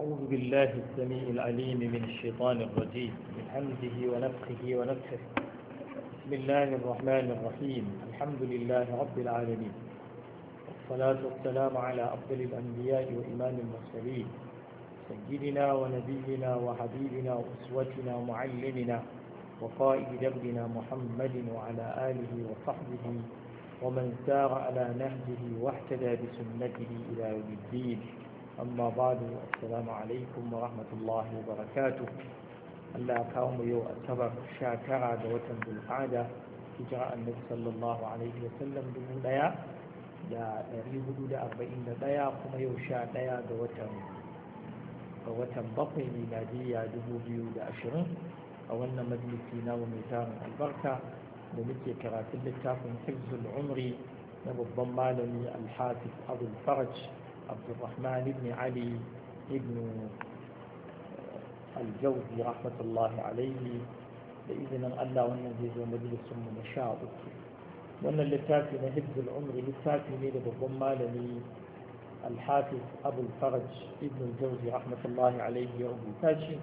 أعوذ بالله السميع العليم من الشيطان الرجيم من حمده ونفخه ونفخه بسم الله الرحمن الرحيم الحمد لله رب العالمين والصلاة والسلام على أفضل الأنبياء وإمام المرسلين سيدنا ونبينا وحبيبنا وأسوتنا ومعلمنا وقائد دربنا محمد وعلى آله وصحبه ومن سار على نهجه واحتدى بسنته إلى يوم الدين amma ba da assalamu alaikum wa rahmatullahi wa barakatu Allah ya kawo mu yau asabar sha tara da watan zulqa'ada hijira annabi sallallahu alaihi wa sallam dubu daya da ɗari hudu da arba'in da ɗaya kuma yau sha ɗaya ga watan ga watan bakwai miladiyya dubu biyu da ashirin a wannan majalisi namu mai tarin albarka da muke karatun littafin hifzul umri na babban malami alhafiz abul faraj عبد الرحمن بن علي بن الجوزي رحمة الله عليه بإذن الله والنبي ومجلس من شاء وأن اللتافي حفظ العمر لتافي ميل بالضمالني الحافظ أبو الفرج ابن الجوزي رحمة الله عليه يوم تاشي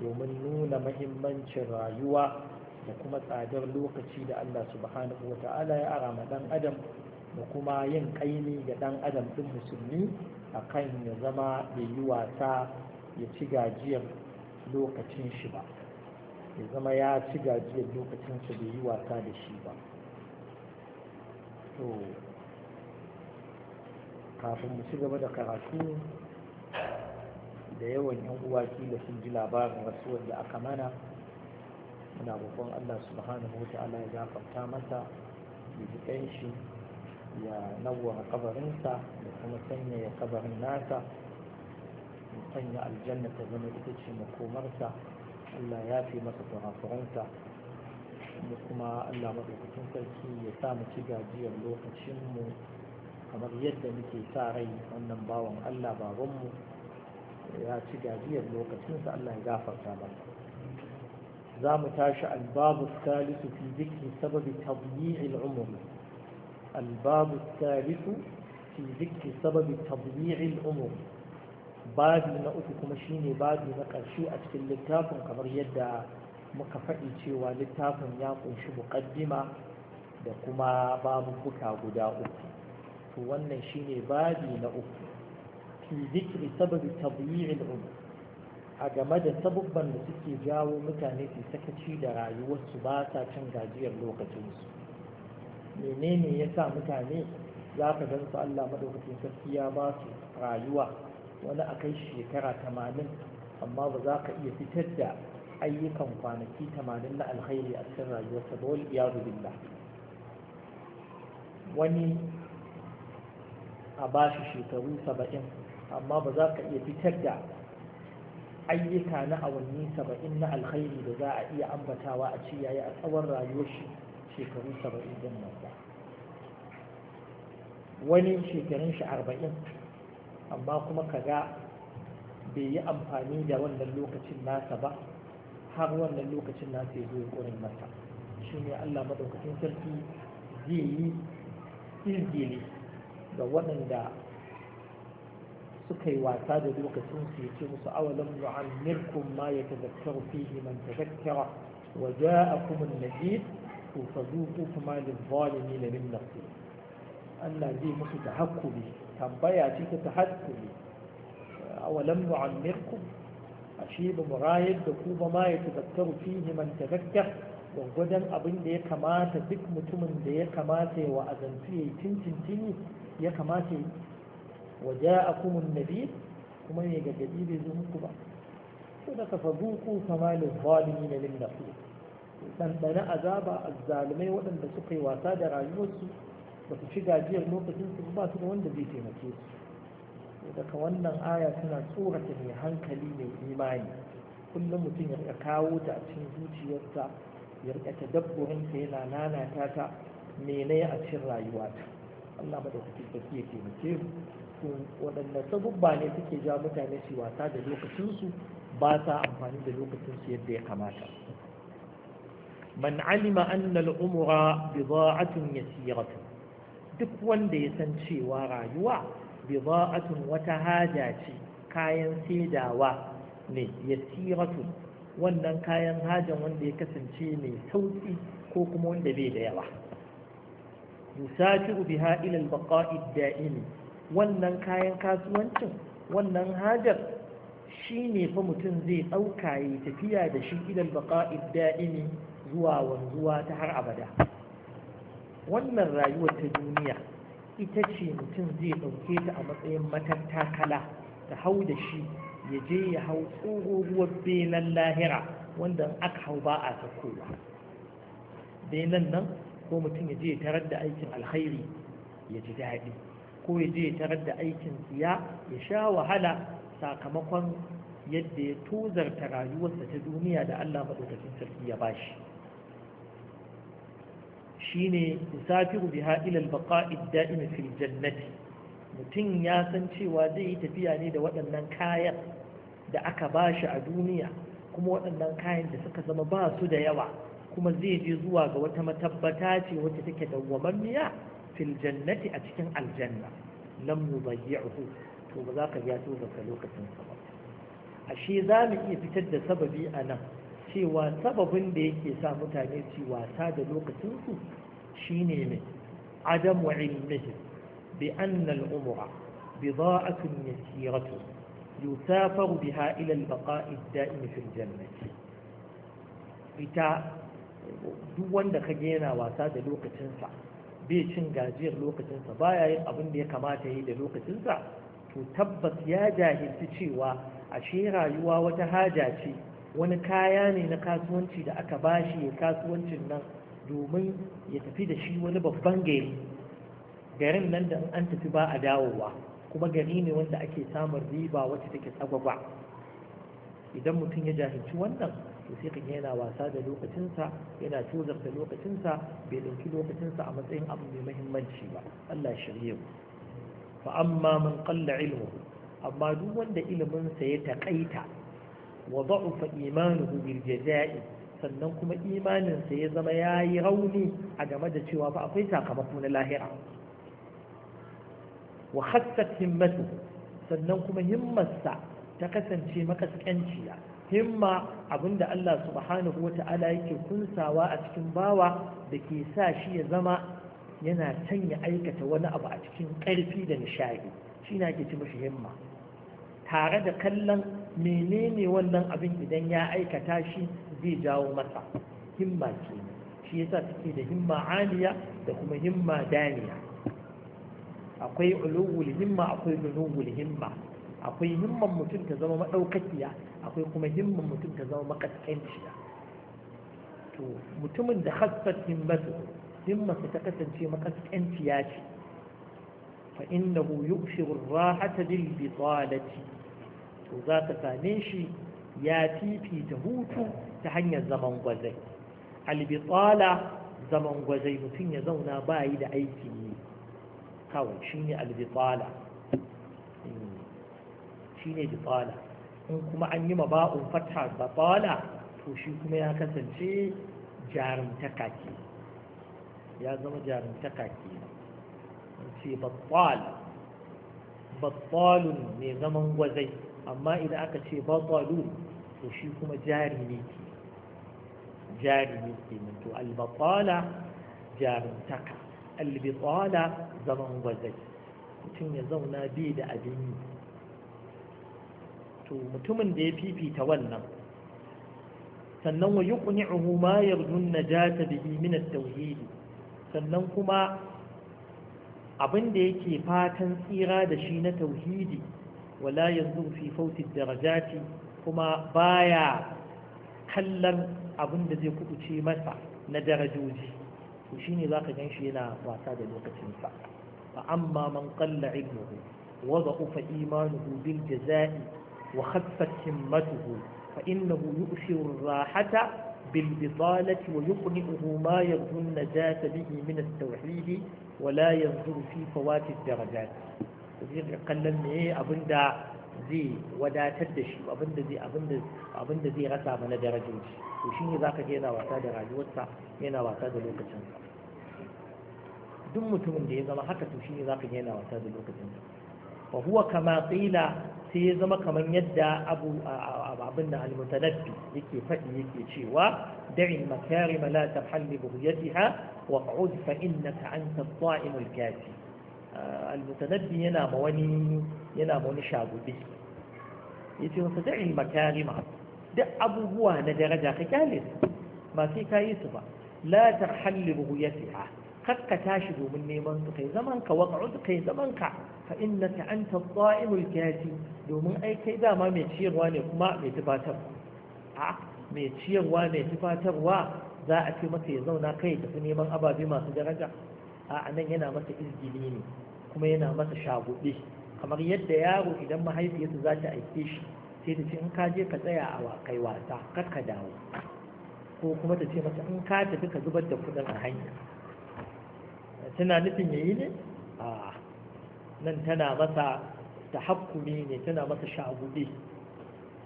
domin nuna mahimmancin rayuwa da kuma tsadar lokaci da Allah subhanahu wa ta'ala ya ara ma dan adam da kuma yin ne ga ɗan adam ɗin musulmi a kan ya zama da yi wasa ya ci gajiyar lokacin shi ba ya zama ya ci gajiyar lokacin shi bai yi wasa da shi ba to kafin mu ci gaba da karatu da yawan yan uwa kila sun ji labarin rasuwar da aka mana muna babban Allah subhanahu wa ta'ala ya gafarta masa ya ji shi ya nawara kabarinsa da kuma sanyaya kabarin nasa sanya aljanna ta zama ita ce makomarsa Allah ya fi masa kurakuransa kuma Allah maɗaukakin sarki ya sa mu ci gajiyar lokacinmu kamar yadda muke sa rai wannan bawan Allah babanmu ya ci gajiyar lokacinsa Allah ya gafarta ba za mu tashi albabu salisu fi zikri sababi tabyi'il umri Albabu الثالث في ذكر سبب تضييع الأمور babi na uku kuma shine babi na ƙarshe a cikin littafin kamar yadda muka faɗi cewa littafin ya ƙunshi muƙaddima da kuma babubuka guda uku to wannan shine babi na uku fi zikri sababi tabyi'il umr a game da sabubban da suke jawo mutane su sakaci da rayuwarsu ba sa cin gajiyar lokacinsu menene ya sa mutane za ka gan su Allah maɗaukacin sarki ya ba su rayuwa wani a kai shekara tamanin amma ba za ka iya fitar da ayyukan kwanaki tamanin na alkhairi a cikin rayuwarsa ba wani iya billah wani a ba shi shekaru saba'in amma ba za ka iya fitar da ayyuka na awanni saba'in na alkhairi da za a iya ambatawa a ciyaye a tsawon rayuwar shi shekaru saba'in din nan ba wani shekarun shi arba'in amma kuma kaga bai yi amfani da wannan lokacin nasa ba har wannan lokacin nasa ya zo ya masa shi ne allah maɗaukacin sarki zai yi izgili ga waɗanda suka yi wasa da lokacin su ya ce musu awalan nu'ammirkum ma ya tazakkaru fihi man tazakkara wa ja'akum an-nadhir to fa zuku kuma lil da min nasir Allah zai musu tahakkumi tambaya ce ta tahakkumi awalam a ashe ba mu rayar da ku ba ma ya tazakkaru fihi man tazakkar gwaggwadon abin da ya kamata duk mutumin da ya kamata ya wa'azantu ya yi tintintini ya kamata ya waje a kumun nabi kuma mai gadi bai zo muku ba ko da ka fagu ku kama lil zalimi na ɗanɗana azaba azzalumai waɗanda suka yi wasa da rayuwarsu ba su ci gajiyar lokacin su ba su da wanda zai taimake su daga wannan aya tana tsorata mai hankali mai imani kullum mutum ya rika kawo ta a cikin zuciyarsa ya rika tadabburinsa yana nanata ta mene a cikin rayuwata Allah madaukakin sarki ya taimake su waɗanda sabubba ne suke ja mutane su wasa da lokacinsu ba sa amfani da lokacinsu yadda ya kamata man alima annal umra bida'atun yasiratu duk wanda ya san cewa rayuwa bida'atun wata haja ce kayan saidawa ne yasiratu wannan kayan hajan wanda ya kasance mai sauki ko kuma wanda bai da yawa yusafiru biha ila al-baqa'i da'imi wannan kayan kasuwancin wannan hajar shi ne fa mutum zai ɗauka ya tafiya da shi idan baƙa'id da'ini zuwa wanzuwa ta har abada wannan rayuwar ta duniya ita ce mutum zai ɗauke ta a matsayin matattakala ta hau da shi ya je ya hau tsohuwar benen lahira wanda aka hau ba a sakowa benen nan ko mutum ya je ya tarar da aikin alkhairi ya ji daɗi ko ya je ya tarar da aikin tsiya ya sha wahala sakamakon yadda ya tozarta rayuwarsa ta duniya da Allah maɗaukakin sarki ya bashi shine ne biha ila al-baqa'i daim fil jannati mutum ya san cewa zai yi tafiya ne da waɗannan kayan da aka bashi a duniya kuma waɗannan kayan da suka zama ba su da yawa kuma zai je zuwa ga wata matabbata ce wacce take dawwamammiya fil jannati a cikin aljanna lam yudayyi'hu to ba za ka ya to lokacin sa ba ashe za mu iya fitar da sababi a nan cewa sababin da yake sa mutane ci wasa da lokacin shine ne adam wa ilmihim bi anna al-umra bida'atun yasiratu yusafaru biha ila al-baqa'i ad-da'im fi al-jannati ita duk wanda ka yana wasa da lokacinsa bai cin gajiyar lokacinsa baya yin abin da ya kamata yi da lokacinsa to tabbas ya jahilci cewa ashe rayuwa wata haja ce wani kaya ne na kasuwanci da aka bashi ya kasuwancin nan domin ya tafi da shi wani babban gari garin nan da an tafi ba a dawowa kuma gari ne wanda ake samun riba wacce take tsagwagwa idan mutum ya jahilci wannan to sai yana wasa da lokacinsa yana tozarta lokacinsa bai ɗauki lokacinsa a matsayin abu mai muhimmanci ba Allah shirye mu fa amma man qalla ilmu amma duk wanda iliminsa ya taƙaita wa da'ufa imanuhu bil jaza'i sannan kuma imaninsa ya zama ya yi rauni a game da cewa ba akwai sakamako na lahira wa himmatu sannan kuma himmarsa ta kasance makaskanciya himma abinda Allah subhanahu wa ta'ala yake kunsawa a cikin bawa da ke sa shi ya zama yana can ya aikata wani abu a cikin ƙarfi da nishadi shi na ke ci mashi himma tare da kallon menene wannan abin idan ya aikata shi zai jawo masa himma ce shi yasa take da himma aliya da kuma himma daniya akwai ulul himma akwai himma akwai himman mutum ta zama madaukakiya akwai kuma himman mutum ta zama makaskanciya to mutumin da hasfat himmatu himma ta kasance makaskanciya ce fa innahu yubshiru ar-rahata bil bitalati to za ka same shi ya fifita hutu ta hanyar zaman gwazai albitsala zaman gwazai mutum ya zauna ba yi da aiki ne kawai shi ne albitsala hmm. shi ne bitsala in kuma an yi maba'un fata batsala to shi kuma ya kasance jarumtaka ke ya zama jarumtaka ke ce batsala batsalun mai zaman gwazai amma idan aka ce batsalun to shi kuma jari ne ke Jari jarumi kenan to albatala jarumtaka albitala zaman gwazai mutum ya zauna bi da abin yi to mutumin da ya fifita wannan sannan wa yuqni'uhu ma yarjun najata bihi min at-tauhid sannan kuma abin da yake fatan tsira da shi na tauhidi wala yanzu fi fawti darajati kuma baya kallon abin da zai kubuce masa na darajoji to za ka gan shi yana wasa da lokacinsa fa amma man qalla ilmuhu wa dha'afa imanuhu bil jazaa'i wa khaffat himmatuhu fa innahu yu'shiru wa rahata بالبطالة ويقنئه ما يرجو النجاة به من التوحيد ولا ينظر في فوات الدرجات zai kallan ne abinda. zai wadatar da shi abinda zai abinda zai rasa mana darajar darajoji to shi ne zaka ga yana wasa da rayuwarsa yana wasa da lokacinsa duk mutumin da ya zama haka to shi ne zaka ga yana wasa da lokacinsa fa huwa kama qila sai ya zama kaman yadda abu abin da almutanabbi yake faɗi yake cewa da'in makarima la tahal bi buhyatiha waq'ud fa innaka anta at-ta'im al-kafi almutanabbi yana ma wani yana Ya ce shagudi yace masa da'il makarima duk abubuwa na daraja ka kyale su ba sai ka yi su ba ya fi. bughiyatiha kakka tashi domin neman su kai zaman ka su kai zaman ka fa innaka anta ad-da'imul kafi domin ai kai dama mai ciyarwa ne kuma mai tufatar a mai ciyarwa mai tufatarwa za a ce masa ya zauna kai tafi neman ababe masu daraja a nan yana masa izgili ne kuma yana masa shagube kamar yadda yaro idan mahaifiyarsa za ta aike shi sai ta ce in ka je ka tsaya a kai wasa kar ka dawo ko kuma ta ce masa in ka tafi ka zubar da kudin a hanya tana nufin yayi ne a nan tana masa tahakkumi ne tana masa shagube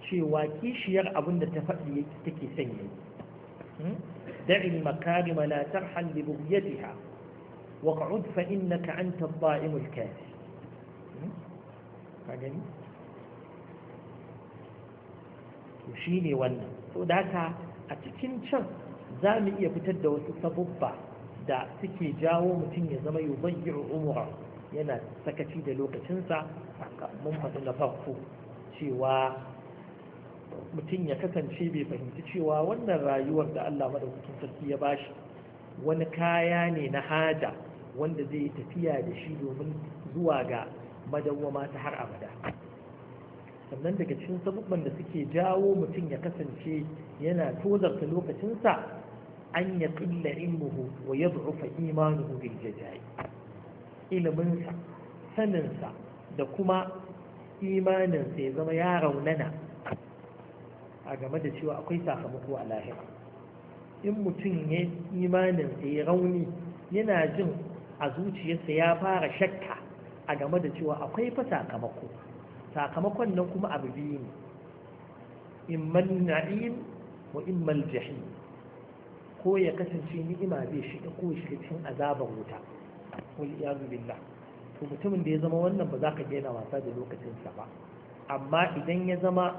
cewa kishiyar abin da ta faɗi take son yayi دعي المكارم لا ترحل لبغيتها وقعد فإنك أنت الطائم الكافي gani to shi ne wannan to a cikin can za mu iya fitar da wasu sabubba da suke jawo mutum ya zama yubayyi'u umura yana sakaci da lokacinsa mun faɗi na farko mutum ya kasance bai fahimci cewa wannan rayuwar da Allah madaukakin sarki ya bashi wani kaya ne na haja wanda zai yi tafiya da shi domin zuwa ga madawwama ta har abada sannan daga cikin sabubban da suke jawo mutum ya kasance yana tozarta lokacinsa an ya ƙilla ilmuhu wa ya zurufa imanuhu bil jajayi iliminsa saninsa da kuma imaninsa ya zama ya raunana a game da cewa akwai sakamako a lahira in mutum ya imaninsa ya rauni yana jin a zuciyarsa ya fara shakka a game da cewa akwai fa sakamako sakamakon nan kuma abu biyu ne imman na'im wa imman jahim ko ya kasance ni'ima zai shiga ko shiga cikin azabar wuta wal iyazu billah to mutumin da ya zama wannan ba za ka daina wasa da lokacinsa ba amma idan ya zama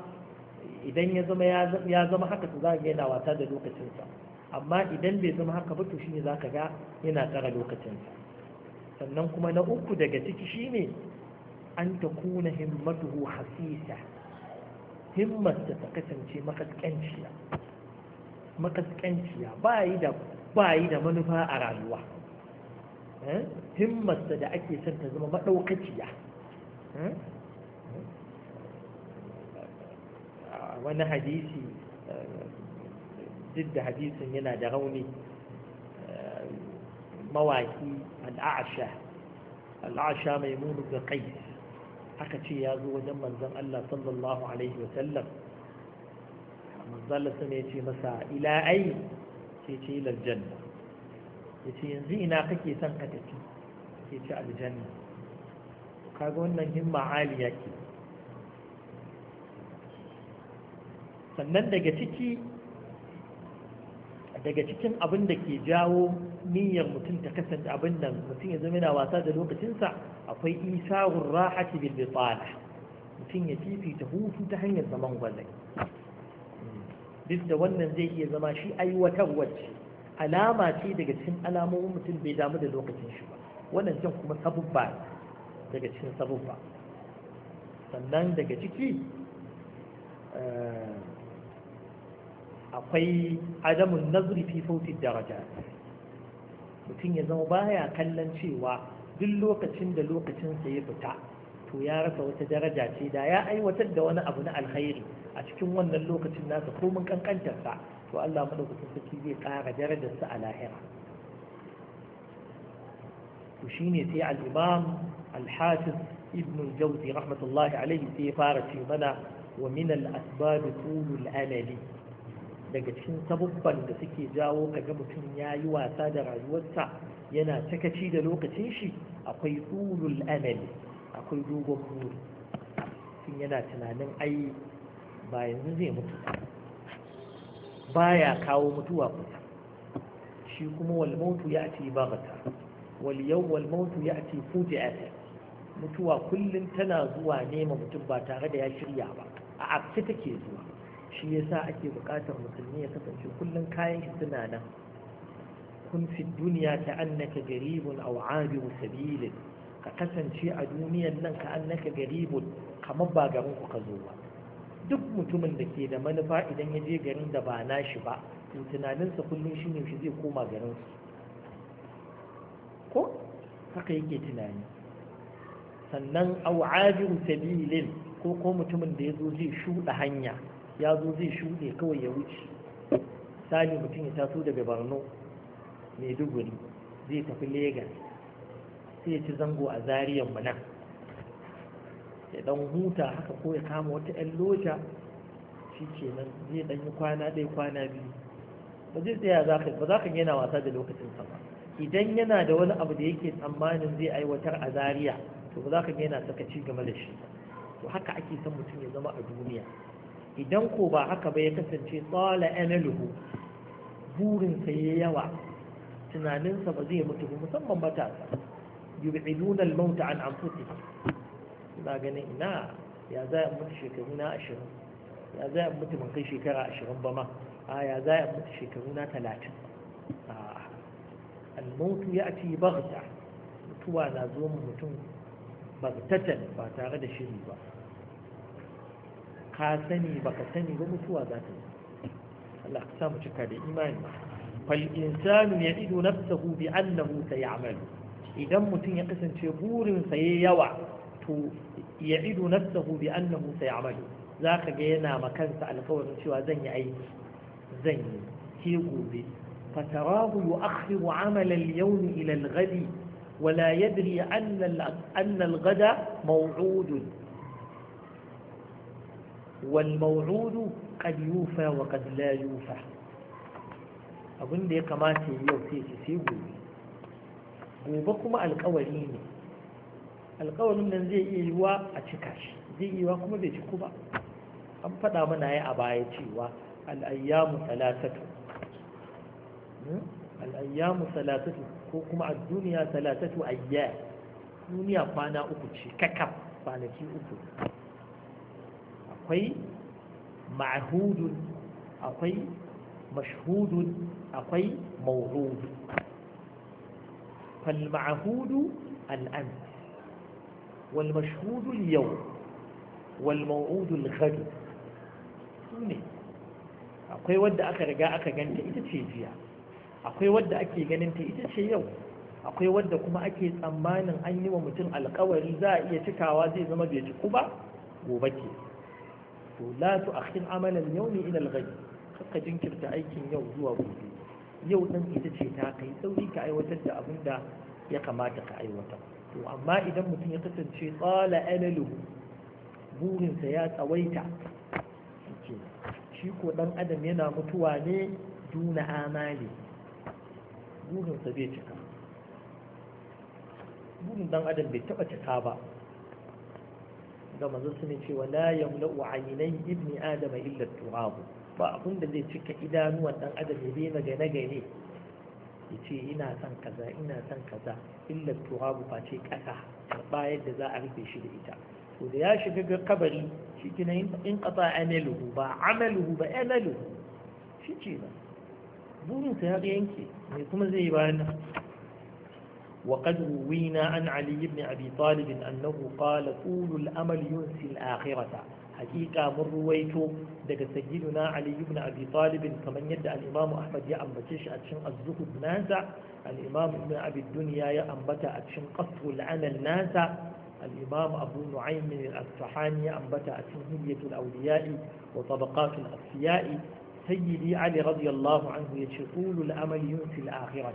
idan ya zama ya zama haka to za ka daina wasa da lokacinsa amma idan bai zama haka ba to shine zaka ga yana tsara lokacinsa sannan kuma na uku daga ciki shine an ta kuna himmatuhu hasisa himmarsa ta kasance makaskanciya makaskanciya ba yi da manufa a rayuwa eh? himmarsa da ake son ta zama maɗaukaciya eh? Eh? wani hadisi duk da hadisin yana da rauni eh, mawaki al'asha al'asha mai munu ga kai aka ce ya zo wajen manzan Allah sallallahu alaihi wasallam manzan Allah ya ce masa Ilaai ai ce ce aljanna ya ce yanzu ina kake son ka tafi ke ce aljanna kaga wannan himma aliya ke sannan daga ciki daga cikin abin da ke jawo niyyar mutum ta kasance abin nan mutum ya zama yana wasa da lokacinsa akwai isarun rahati bil bitala mutum ya fifita hutu ta hanyar zaman gwazai duk da wannan zai iya zama shi aiwatarwar ce alama ce daga cikin alamomin mutum bai damu da lokacin shi ba wannan can kuma sabubba daga cikin sabubba sannan daga ciki eh, akwai adamun nazari fi daraja mutum ya zama baya kallon cewa duk lokacin da lokacinsa ya fita to ya rasa wata daraja ce da ya aiwatar da wani abu na alkhairi a cikin wannan lokacin nasa komin kankantarsa to Allah madaukakin sarki zai ƙara darajarsa a lahira to shine sai al-imam al-hafiz ibn jawzi rahmatullahi alayhi sai ya fara ce mana wa min al-asbab tulul daga cikin sabubban da suke jawo kaga mutum ya yi wasa da rayuwarsa yana takaci da lokacin shi akwai tsulul amal akwai dogon buri mutum yana tunanin ai ba yanzu zai mutu baya kawo mutuwa kusa shi kuma wal mautu ya ce bagata wal yau wal mautu ya ce fuji'ata mutuwa kullum tana zuwa nema mutum ba tare da ya shirya ba a abce take zuwa shi yasa ake bukatar musulmi ya kasance kullum kayan shi suna nan kun fi duniya ta annaka garibun a abiru musabilin ka kasance a duniyan nan ka annaka garibun kamar ba garin ku ka zo ba duk mutumin da ke da manufa idan ya je garin da ba nashi ba to tunaninsa kullum shi ne shi zai koma garin su ko haka yake tunani sannan a abiru musabilin ko ko mutumin da ya zo zai shuɗa hanya ya zo zai shuɗe kawai ya wuce sami mutum ya taso daga mai maiduguri zai tafi legas sai ya ci zango a zariyan mana nan ya dan huta haka ko ya kama wata 'yan loja shi ke nan zai dan yi kwana ɗaya kwana biyu ba zai tsaya ba za ka yana wasa da lokacin sa ba idan yana da wani abu da yake tsammanin zai aiwatar a zariya to ba za ka yana sakaci game da shi to haka ake son mutum ya zama a duniya idan ko ba haka ba ya kasance tsala analuhu burinsa ya yawa tunaninsa ba zai mutu ba, musamman matasa yub'iduna al-maut an amfuti. ina ganin ina ya za a mutu shekaru na ashirin ya za a mutu ban kai shekara ashirin ba ma a ya za a mutu shekaru na talatin al-maut ya ci baghta mutuwa na zo mutum bagtatan ba tare da shiri ba ka sani baka sani ba mutuwa za ta yi Allah ka samu cika da imani fal insanu ya'idu nafsahu bi annahu sayamalu idan mutum ya kasance burin sa yayi yawa to ya ya'idu nafsahu bi annahu sayamalu zaka ga yana makansa alƙawarin cewa zan yi aiki zan yi sai gobe فتراه يؤخر عمل اليوم إلى الغد ولا يدري أن الغد موعود والموعود قد يوفى وقد لا يوفى abin da ya kamata ya yau sai sai gobe gobe kuma alkawari ne alkawarin nan zai iya yiwa a cika shi zai iya yiwa kuma bai ciku ba an faɗa mana ya a baya cewa al'ayyamu talatatu hmm? al'ayyamu talatatu ko kuma a duniya talatatu ayya duniya kwana uku ce kakaf kwanaki uku akwai ma'ahudun akwai mashhudun akwai mawudu فالمعهود الآن wal اليوم والموعود الغد سوني akwai wadda aka riga aka ganta ita ce jiya akwai wadda ake ganinta ita ce yau akwai wadda kuma ake tsammanin an yi wa mutum alkawari za a iya cikawa zai zama bai ciku ba gobe ke to la tu akhir amalan yawmi ila al-ghayb kaka jinkirta aikin yau zuwa gobe yau dan ita ce ta kai tsauri ka aiwatar da abin da ya kamata ka aiwatar to amma idan mutum ya kasance tsala analu burinsa ya tsawaita shi ko dan adam yana mutuwa ne duna amali burinsa bai cika burin dan adam bai taba cika ba ga manzon su ne cewa la yamla'u aynai ibni adama illa turab ba abin da zai cika idanuwan dan adam ya daina gane gane ya ce ina son kaza ina son kaza illa turabu face kasa karba yadda za a rufe shi da ita to da ya shiga ga kabari shi kina in kasa amaluhu ba amaluhu ba amaluhu shi ce ba burinsa ya yanke me kuma zai yi bayan nan وقد روينا عن علي بن أبي طالب أنه قال طول الأمل ينسي الآخرة حقيقة من رويته دقى سيدنا علي بن أبي طالب كمن يدعى الإمام أحمد يا أنبتش أتشن الزهد ناسا الإمام ابن أبي الدنيا يا أنبت أتشن قصر العمل ناسا الإمام أبو نعيم يا أنبت أتشن هدية الأولياء وطبقات الأصفياء سيدي علي رضي الله عنه يشقول طول الأمل ينسي الآخرة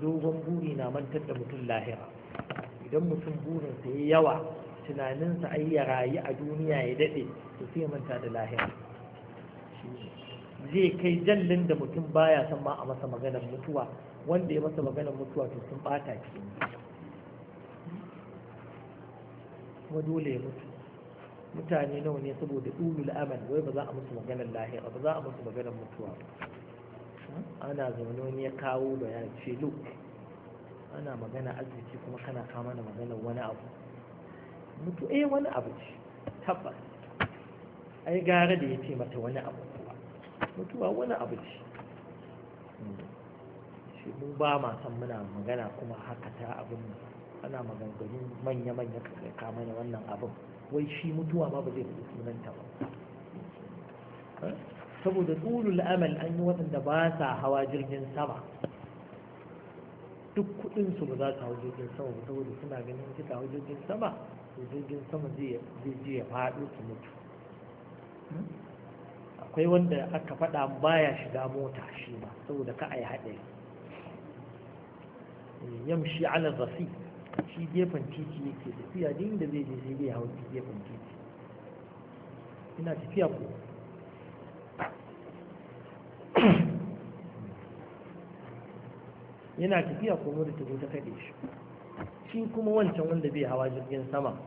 dogon buri na mantar da mutum lahira idan mutum burinsa ya yawa tunaninsa ai ya rayu a duniya ya daɗe to sai manta da lahira zai kai jallin da mutum baya son ma a masa maganar mutuwa wanda ya masa maganar mutuwa to sun bata ke kuma dole ya mutu mutane nawa ne saboda ɗulul amal wai ba za a musu maganar lahira ba za a musu maganar mutuwa ba ana zaune wani ya kawo da ya ce lu ana magana arziki kuma kana kama da magana wani abu mutu eh wani abu ce tabbas ai gara da ya ce mata wani abu kuwa mutuwa wani abu ce shi mu ba ma san muna magana kuma haka ta abin ana maganganun manya-manya kama da wannan abin wai shi mutuwa ma ba zai fi sunanta ba saboda tsulul amal an yi waɗanda ba sa hawa jirgin sama duk kuɗinsu ba za su hau jirgin sama ba saboda suna ganin suka hau jirgin sama to jirgin sama zai je ya faɗo su mutu akwai wanda aka faɗa baya shiga mota shi ba saboda ka a yi haɗari yamshi ala zafi shi gefen titi yake tafiya da inda zai je sai zai hau gefen titi ina tafiya ko yana tafiya kuma da tafi ta kaɗe shi shi kuma wancan wanda bai hawa jirgin sama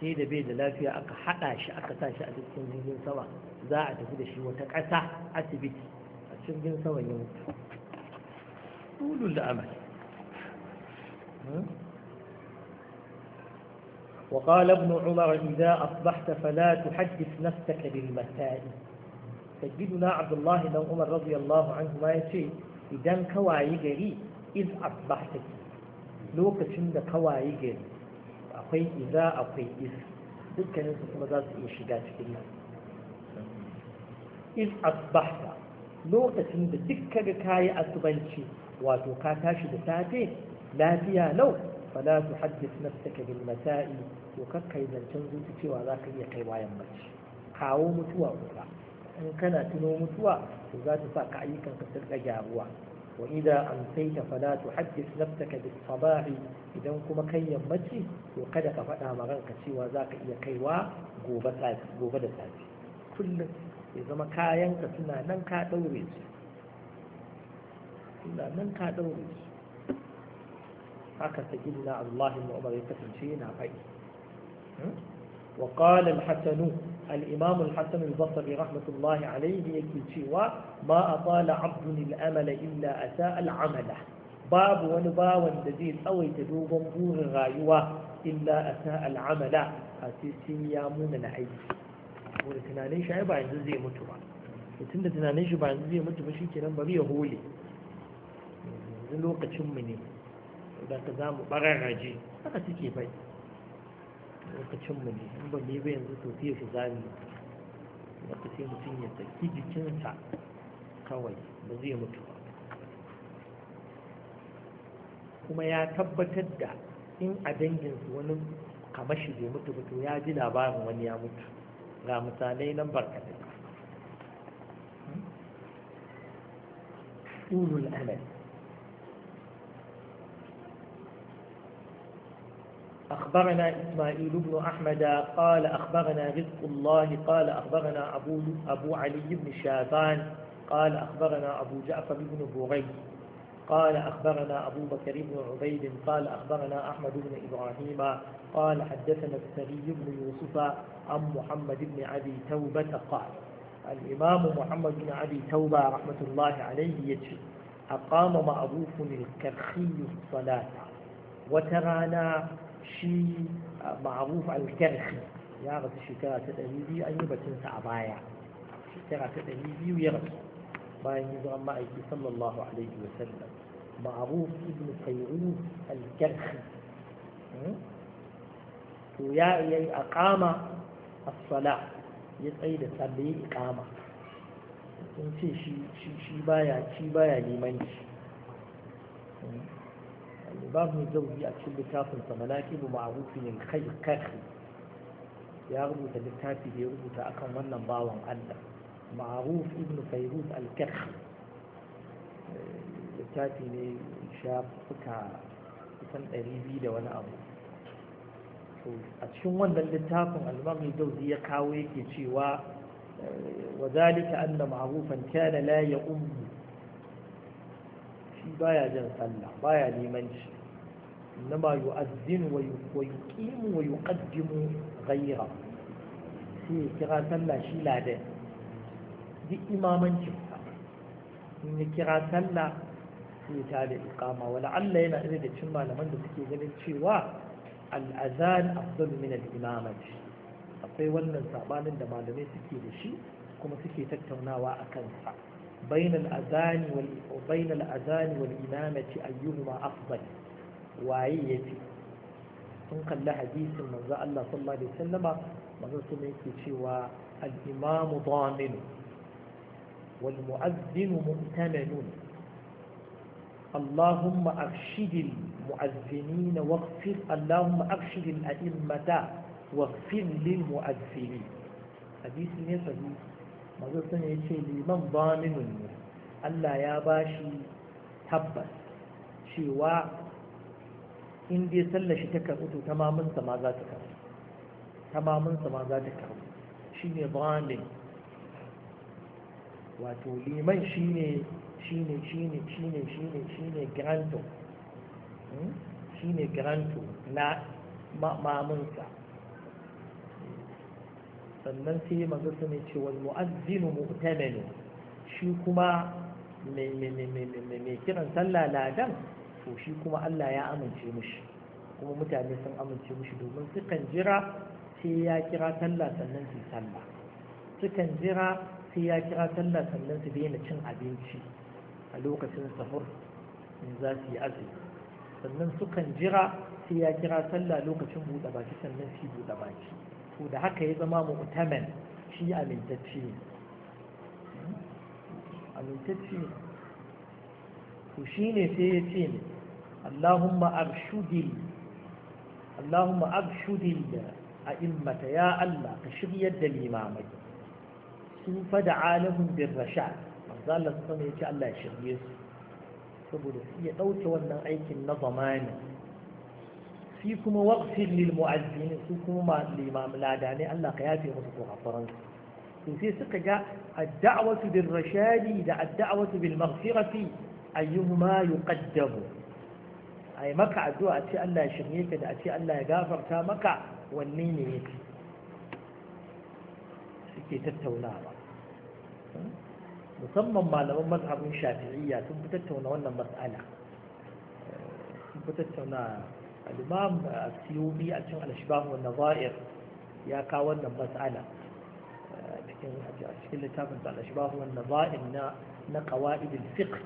sai da bai da lafiya aka haɗa shi aka sa shi a cikin jirgin sama za a tafi da shi wata ƙasa asibiti a jirgin sama ya mutu tulun da amal وقال ابن عمر إذا أصبحت فلا تحدث نفسك بالمساء سيدنا عبد الله بن عمر رضي الله عنهما يقول إذا كواي جري iz asbahta lokacin da kawaye gari akwai iza akwai iz dukkanin su kuma za su iya shiga cikin nan iz asbahta lokacin da duk kaga kayi asubanci wato ka tashi da safe lafiya lau fala tu haddith nafsaka bil mata'i to kakkai zancen zuci za ka iya kai wayan bacci kawo mutuwa kusa in kana tuno mutuwa to za ta sa ka ayyukan ka sirka gyaruwa وإذا أمسيت فلا تحدث نفسك بالصباح إذا كما كي يمتي وقد كفأنا مغنك سوى ذاك إيا كيوا قوبة ساتي كل إذا ما كاين كسنا ننكا دوريس سنا ننكا دوريس هكذا سجلنا الله بن عمر يكفر شينا فإيه وقال الحسن الإمام الحسن البصري رحمة الله عليه يكي ما أطال عبد الأمل إلا أساء العمل باب ونبا وندزيد أو تدوب بور غايوة إلا أساء العمل أسيسي يا مون العيد ولتناني شعب عن زي متوى وتند تناني شعب عن زي متوى شي كلام بري هولي lokacin mu ne da ka zamu bararraje haka suke bai mu ne in ba ne ba yanzu to fiye shi zami wata sai mutum ya saki jikinsa kawai ba zai mutu ba kuma ya tabbatar da in a danginsu wani kamar shi bai mutu ba to ya ji labarin wani ya mutu ga misalai nan barkatai hmm? ulul amal أخبرنا إسماعيل بن أحمد قال أخبرنا رزق الله قال أخبرنا أبو, أبو علي بن شابان قال أخبرنا أبو جعفر بن بوري قال أخبرنا أبو بكر بن عبيد قال أخبرنا أحمد بن إبراهيم قال حدثنا السري بن يوسف عن محمد بن أبي توبة قال الإمام محمد بن أبي توبة رحمة الله عليه يجري أقام معروف الكرخي الصلاة وترانا shi ma'aruf al-karhi ya rasu shekara ta ɗari biyu an yi batunsa a baya shekara ta ɗari biyu ya rasu bayan yi zuwan ma'aiki sallallahu alaihi wa sallam ma'aruf ibn fayru al-karhi hmm? to ya yi a aqama as-sala ya tsaye da sabbi iqama sun ce shi shi baya shi baya limanci hmm? babu zauri a cikin littafin sa manaqibu ma'rufin khaykh ya rubuta littafi da ya rubuta akan wannan bawan Allah ma'ruf ibn fayruz al-kakh littafi ne shafuka kusan 200 da wani abu a cikin wannan littafin al daudi ya kawo yake cewa وذلك أن معروفا كان لا يؤم shi baya jan sallah baya limanci إنما يؤذن ويقيم ويقدم غيره sai ya kira sallah shi ladan duk imamancinsa in ya kira sallah sai ta da ikama wala Allah yana iri da cin malaman da suke ganin cewa al'azan afdal min al akwai wannan sabanin da malamai suke da shi kuma suke tattaunawa a kansa بين الأذان وال... وبين الأذان والإمامة أيهما أفضل وعيتي تنقل لها حديث من ذا الله صلى الله عليه وسلم من سمعت سوى الإمام ضامن والمؤذن مؤتمن اللهم أرشد المؤذنين واغفر اللهم أرشد الأئمة واغفر للمؤذنين حديث صحيح manzo sun ya ce liman zaminun ne Allah ya ba shi tabbas cewa inda ya sallar shi ta karɓi to tamaminsa ma za ta karɓi tamaminsa ma za ta karɓi shi ne zamin wato liman shi ne shi ne shi ne shi ne shi ne shi ne granto hmm? shi ne granto na mamunsa sannan sai manzo su ne ce mu'azzinu mu'tamanu shi kuma mai kiran sallah ladan to shi kuma Allah ya amince mushi kuma mutane sun amince mushi domin sukan jira sai ya kira sallah sannan su sallah sukan jira sai ya kira sallah sannan su daina cin abinci a lokacin sahur in za su yi azumi sannan sukan jira sai ya kira sallah lokacin buɗe baki sannan su buɗe baki to da haka ya zama mu'taman shi amintacce amintacce to shi ne sai ya ce ne Allahumma abshudil Allahumma abshudil a ilmata, ya Allah ka shiryar da limamai sun fada alamun bin rasha manzalar sama ya ce Allah ya shirye su saboda su iya ɗauke wannan aikin na zamani shi kuma waqfir lil mu'azzin su kuma limam ladane Allah ka yafe musu ko hafaran to sai suka ga ad-da'watu bir rashadi da ad-da'watu bil maghfirati ayyuhuma yuqaddamu ai maka addu'a ce Allah ya shirye ka da a ce Allah ya gafarta maka wanne ne yake suke tattaunawa musamman malaman mazhabin shafi'iyya sun fi tattauna wannan mas'ala eh, sun fi tattauna الإمام السيوبي أتم الأشباه والنظائر يا كاونا مسألة لكن أشكال لتابن الأشباه والنظائر نا قوائد الفقه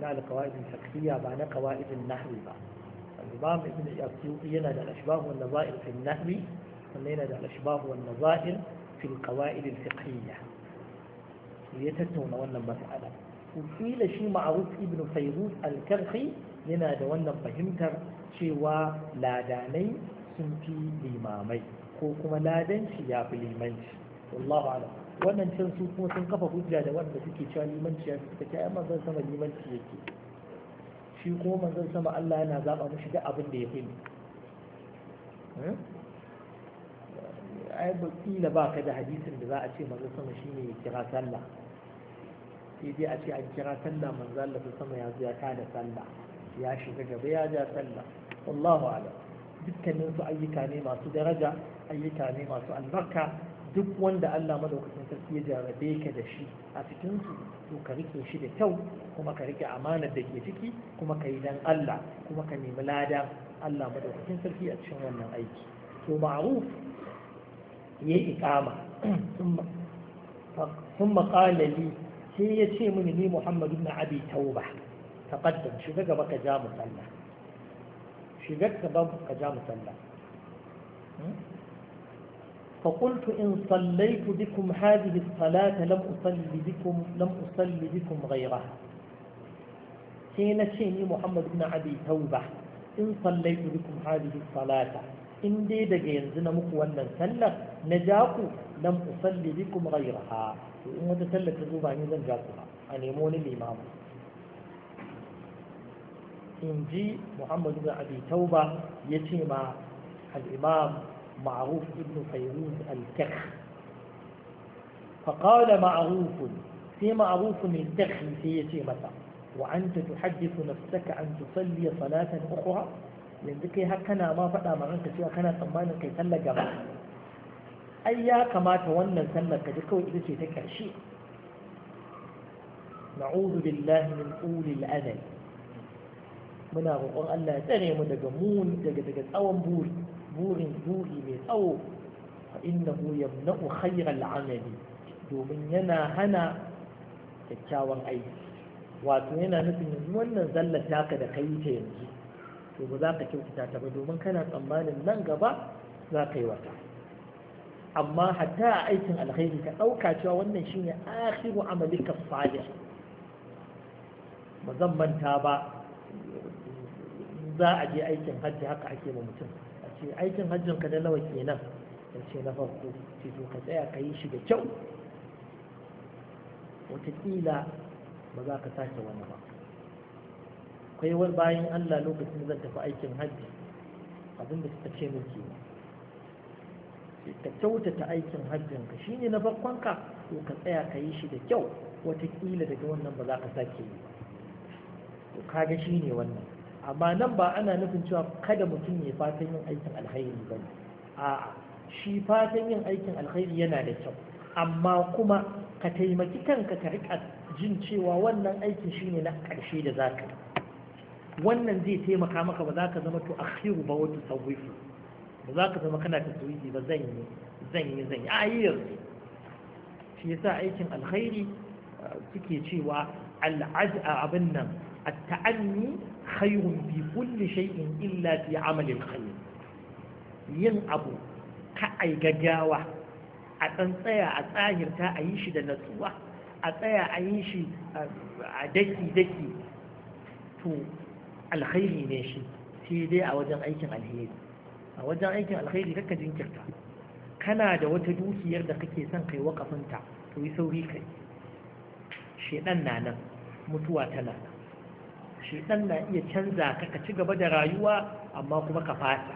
نا القواعد الفقهية بعنا قوائد النحو الإمام ابن السيوطي ينادى الأشباه والنظائر في النحو وينادى الأشباه والنظائر في القوائد الفقهية ويتتون ونمت على وفي لشي معروف ابن فيروز الكرخي yana da wannan fahimtar cewa ladanai sun fi limamai ko kuma ladanci ya fi limanci wallahu alam wannan can su kuma sun kafa hujja da wanda suke cewa limanci ya suka ce ai zan sama limanci yake shi kuma manzon sama Allah yana zaba mushi duk abin da ya fi hmm? ai ba kila ba ka da hadisin da za a ce manzon sama shine ya kira sallah sai dai a ce an kira sallah manzon Allah sama ya zuya ya tada sallah ya shiga gaba ya ja sallah wallahu ala dukkanin su ayyuka ne masu daraja ayyuka ne masu albarka duk wanda Allah madaukakin sarki ya jarabe ka da shi a cikin su to ka rike shi da kyau kuma ka rike amanar da ke ciki kuma ka yi dan Allah kuma ka nemi lada Allah madaukakin sarki a cikin wannan aiki to ma'ruf ya iqama ثم قال لي sai ya ce mani ni Muhammadu ibn Abi Tauba taƙaddam shiga gaba ka ja musalla hmm? in sallaytu bikum hadhihi as-salata lam usalli bikum lam usalli bikum ghayraha na ce ni muhammad ibn abi tauba in sallaytu bikum hadhihi as-salata in dai daga yanzu na muku wannan sallar na jaku ku lam usalli bikum ghayraha to in wata sallar ta zuba ba ni zan ja ku ba a nemo ni limamu in ji muhammadu da abi tauba ya ce ma al'imam ma'aruf ibn fairuz al-kak faƙaɗa ma'arufun sai ma'arufun al-kak sai ya ce mata wa'anta tuhaddisu nafsaka an tusalliya salatan ukhra yanzu kai har kana ma faɗa ma ranka cewa kana tsammanin kai sallar gaba ai ya kamata wannan sallar ka ji kawai ita ce ta ƙarshe na'udhu min ulil muna roƙon Allah ya tsare mu daga muni daga daga tsawon buri burin buri mai tsawo fa innahu yamna'u khayral amali domin yana hana kyakkyawan aiki wato yana nufin yanzu wannan zallata ka da kai ta yanzu to ba za ka kyautata ta ba domin kana tsammanin nan gaba za ka yi wata amma hatta a aikin alkhairi ka ɗauka cewa wannan shine akhiru amalika salih ba zan manta ba za a je aikin hajji haka ake ma mutum a ce aikin hajjin ka da nawa kenan ya ce na farko ce to ka tsaya ka yi shi da kyau wataƙila ba za ka sake wani ba akwai wani bayan allah lokacin zan tafi aikin hajji abin da suka ce min ka kyautata aikin hajjin ka shine na farkon ka to ka tsaya ka yi shi da kyau wataƙila daga wannan ba za ka sake yi ba to kaga shine wannan amma nan ba ana nufin cewa kada mutum ya fatan yin aikin alkhairi ba ne a'a shi fatan yin aikin alkhairi yana da kyau amma kuma ka taimaki kanka ka rika jin cewa wannan aikin shine na ƙarshe da za ka wannan zai taimaka maka ba za ka zama to akhiru ba wato tsawifi ba za ka zama kana taswifi ba zan yi zan yi zan yi a yi yanzu shi yasa aikin alkhairi eh, suke cewa al'ad abin nan at-ta'anni khairun fi kulli shay'in illa fi amalin khair yin abu ka ai gaggawa a tsantsaya tsaya a tsahirta a yi shi da natsuwa a tsaya a yi shi a daki-daki to alkhairi ne shi sai dai a wajen aikin alheri a wajen aikin alkhairi kaka jinkirta kana da wata dukiyar da kake son kai wakafinta to yi sauri kai shedan na nan mutuwa tana nan shaitan na iya canza ka ka ci gaba da rayuwa amma kuma ka fasa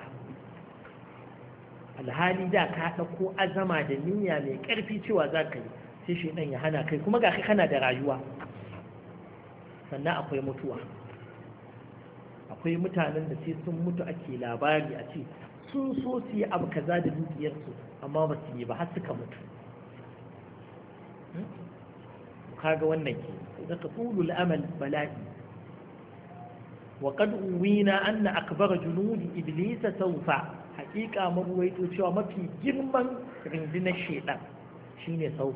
alhali da ka ɗauko azama da niyya mai ƙarfi cewa za ka yi sai shaitan ya hana kai kuma ga kai kana da rayuwa sannan akwai mutuwa akwai mutanen da sai sun mutu ake labari a ce sun so su yi abu kaza da dukiyarsu amma ba su yi ba har suka mutu hmm? kaga wannan ke zaka tsulul amal bala'i وقد أوينا أن أكبر جنود إبليس سوف حقيقة مرويت وشوى ما في جرما عندنا الشيطان شين سوف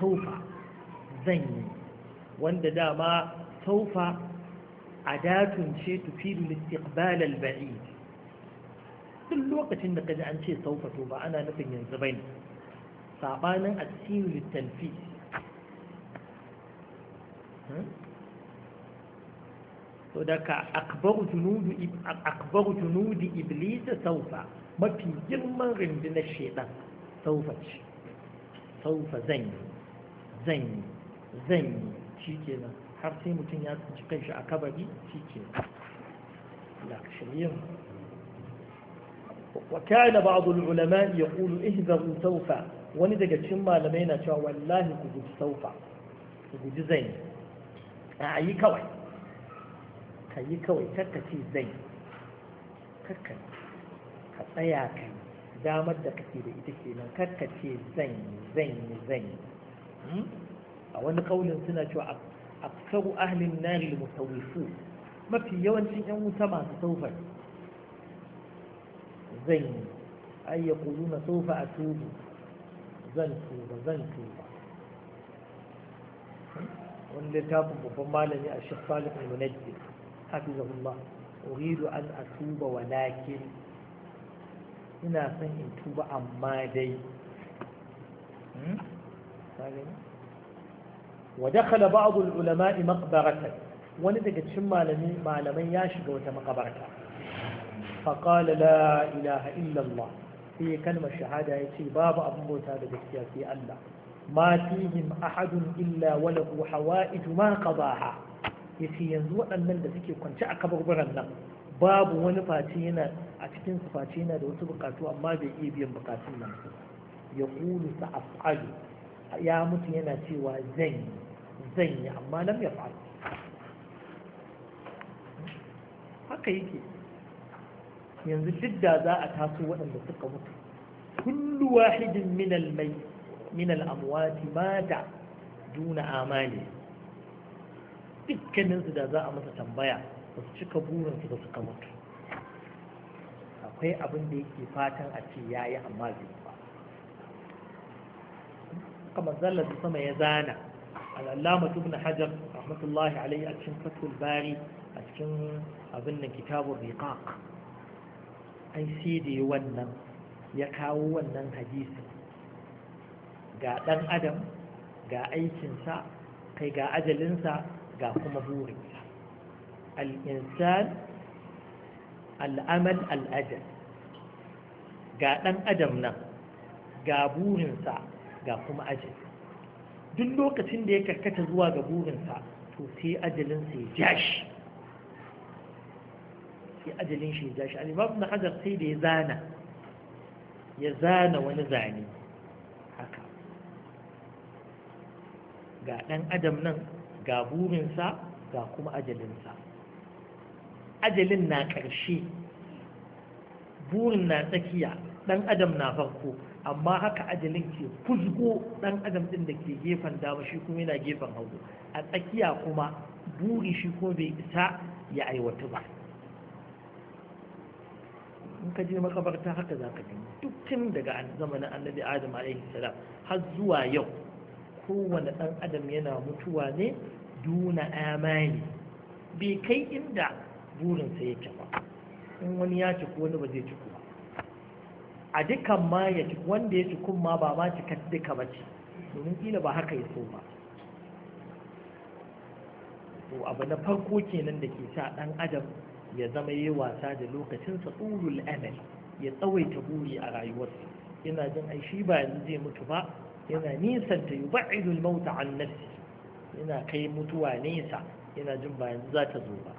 سوف زين وند داما سوف أداة شيء تفيد الاستقبال البعيد كل وقت إنك أنت سوف توبا أنا نفهم زبين صعبانا السين للتنفيذ to daga akbaru junudi iblisa saufa mafi girman rundunar shaidan saufa ce saufa yi zan yi shi nan har sai mutum ya tsinci kanshi a kabari shi kenan lakshiriyar وكان بعض العلماء يقول اهذروا سوف wani daga cikin malamai na cewa wallahi ku guji saufa ku guji yi. a yi kawai ka yi kawai karka zai karka ka tsaya kai damar da kake da ita kenan karka ce zan zan zan hmm? a wani kaulin suna cewa aksaru ahlin nari mutawifu mafi yawancin yan wuta masu saufa zan ai ya kuzu na saufa a tubu zan tuba zan tuba hmm? ولتاكم بفمالني الشيخ صالح المنجم حفظه الله أريد أن أتوب ولكن هنا فن إن توب عن مادي ودخل بعض العلماء مقبرة ونتك تشم مع لمن يعشق مقبرة فقال لا إله إلا الله في كلمة شهادة يتي باب أبو موتى بدكتيا في الله ma fihim ahadun illa walahu hawa'iju ma qadaha yace yanzu waɗannan da suke kwance a kaburburan nan babu wani face yana a cikin su face yana da wasu bukatu amma bai iya biyan bukatun nan ya kulu sa af'alu ya mutu yana cewa zan yi zan yi amma nan ya fa'al haka yake yanzu duk da za a taso waɗanda suka mutu kullu wahidin min al-mayyit min al'amwati mata duna amali dukkaninsu da za a masa tambaya ba su cika burinsu ba su mutu akwai abin da yake fatan a ce ya yi amma bai ba kamar zallar sama ya zana al'allama tubna hajar rahmatullahi alaihi a cikin fatul bari a cikin abin nan kitabun riƙaƙ. ai sai da wannan ya kawo wannan hadisi ga ɗan adam ga aikinsa kai ga ajalinsa ga kuma burinsa al'insan al'amal al'ajal ga ɗan adam nan ga burinsa ga kuma ajal duk lokacin da ya karkata zuwa ga burinsa to sai ajalinsa ya jashi sai ajalin shi ya jashi al'imam na hajar sai da ya zana ya zana wani zane ga ɗan adam nan ga burinsa ga kuma ajalinsa ajalin na ƙarshe burin na tsakiya ɗan adam na farko amma haka ajalin ke kuzgo ɗan adam ɗin da ke gefen dama shi kuma yana gefen hagu a tsakiya kuma buri shi kuma bai isa ya aiwatu ba in ka je makabarta haka za ka duk tun daga zamanin annabi adam alaihi har zuwa yau kowane ɗan adam yana mutuwa ne duna amani bai kai inda burinsa yake ba in wani ya ciku wani ba zai ciku ba a dukan ma ya ciku wanda ya ciku ma ba ma cika duka ba ce domin kila ba haka ya so ba to abu na farko kenan da ke sa ɗan adam ya zama yi wasa da lokacinsa tsulul amal ya tsawaita buri a rayuwarsa yana jin ai shi ba yanzu zai mutu ba yana nisanta yub'idu al-maut an nafsi yana kai mutuwa nesa yana jin ba yanzu za ta zo ba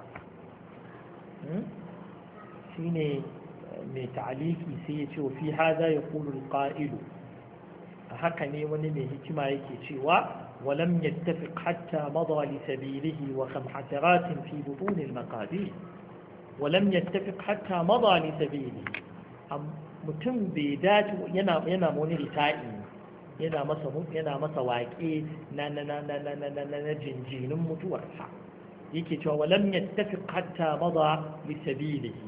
shine mai ta'aliki sai ya ce wa fi hadha yaqulu al-qa'ilu haka ne wani mai hikima yake cewa ولم يتفق حتى مضى لسبيله وخم حسرات في بطون المقابر ولم يتفق حتى مضى لسبيله متم بيدات ينام وني رتائي yana masa yana masa waƙe na na na na na na na jinjinin mutuwarsa yake cewa walam yattafi hatta maza li sabilihi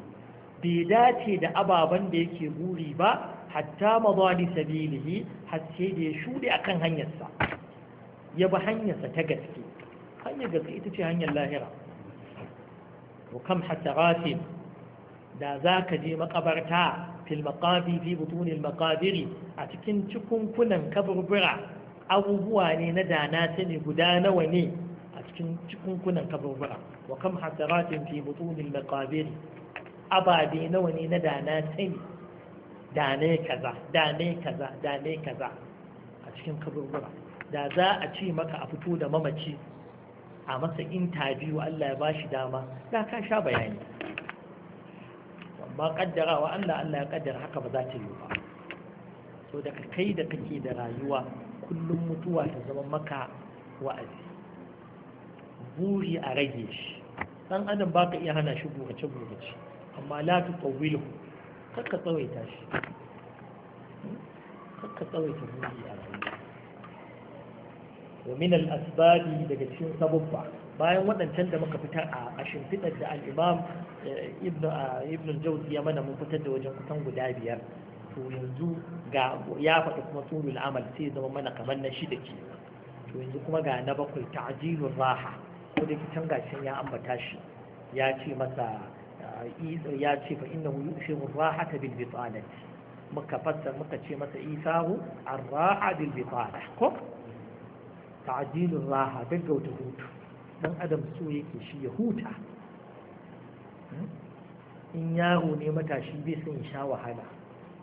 bai dace da ababen da yake buri ba hatta maza li sabilihi har sai da ya shuɗe akan hanyarsa ya bi hanyarsa ta gaske hanyar gaske ita ce hanyar lahira to kam hatta da za ka je makabarta fil maqabi fi butun al maqabiri a cikin cikunkunan kaburbura abubuwa ne na dana sani guda nawa ne a cikin cikunkunan kaburbura wa kam hasaratin fi butun al maqabiri ababe nawa ne na dana sani dane kaza dane kaza dane kaza a cikin kaburbura da za a ce maka a fito da mamaci a masa intabiyu Allah ya bashi dama da ka sha bayani amma kaddarawa Allah Allah ya kaddara haka ba za ta yi ba so daga kai da kake da rayuwa kullum mutuwa ta zama maka wa'azi buri a rage shi dan adam baka iya hana shi gurace gurace amma la tutawwilu kakka tsawaita shi kakka tsawaita buri a rayuwa wa min al-asbabi daga cikin sababba bayan waɗancan da muka fitar a shimfiɗar da al'imam eh, ibn jauzi ya mana mun fitar da wajen kusan guda biyar to yanzu ga ya faɗi kuma tsulul amal sai zama mana kamar na shida ke to yanzu kuma ga na bakwai ta'jilur raha ko da kitan gashin ya ambata shi ya ce masa eh, ya ce fa ushe innahu raha ta bil bitanati muka fassar muka ce masa isahu an raha bil bitana ko ta'jilur raha gauta hutu dan adam so yake shi ya huta in yaro ne matashi bai son ya sha wahala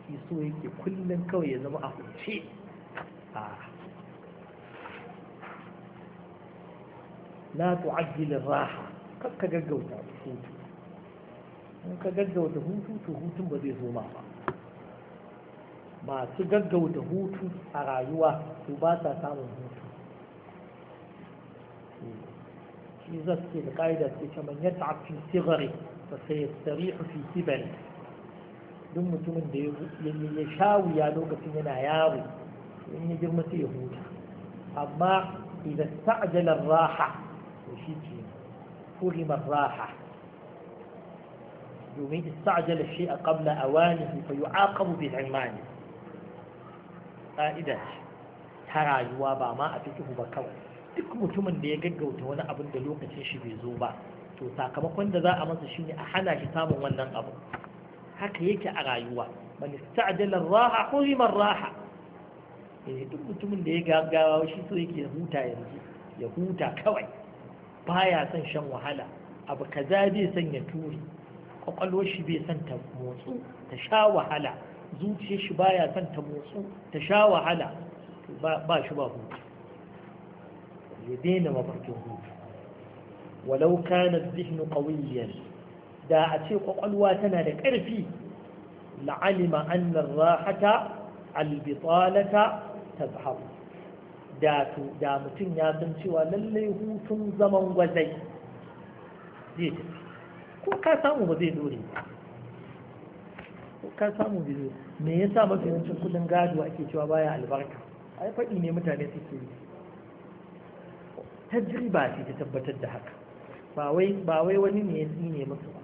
shi so yake kullum kawai ya zama a huce la tu'ajjil raha kakka gaggauta hutu in ka gaggauta hutu to hutun ba zai zo ma ba masu gaggauta hutu a rayuwa to ba sa samun hutu في القاعدة كما يتعب في صغره فسيستريح في سبل دم تمن يلي يعني يشاوي يا لوك في نهاياوي إن يعني جرمة يهود أما إذا استعجل الراحة فهم الراحة يومي استعجل الشيء قبل أوانه فيعاقب بالعلمان قائدة ترى يوابا ما أتكه بكوث duk mutumin da ya gaggauta wani abin da lokacin shi bai zo ba to sakamakon da za a masa shine a hana shi samun wannan abu haka yake a rayuwa man ista'jala raha hurima raha eh duk mutumin da ya gaggawa shi so yake huta yanzu ya huta kawai baya son shan wahala abu kaza bai son ya ture kwakwalwar shi bai son ta motsu ta sha wahala zuciyar shi baya son ta motsu ta sha wahala ba shi ba hutu ya daina mafarkin hutu walau kana zihnu qawiyan da a ce kwakwalwa tana da ƙarfi la'alima anna rahata albitalata tazhab da to da mutum ya san cewa lallai hutun zaman gwazai zai ko ka samu ba zai dore ko ka samu bizo me yasa mafi yawancin kudin gado ake cewa baya albarka ai faɗi ne mutane suke yi tajriba ce ta tabbatar da haka ba wai wani ne ya tsine musu ba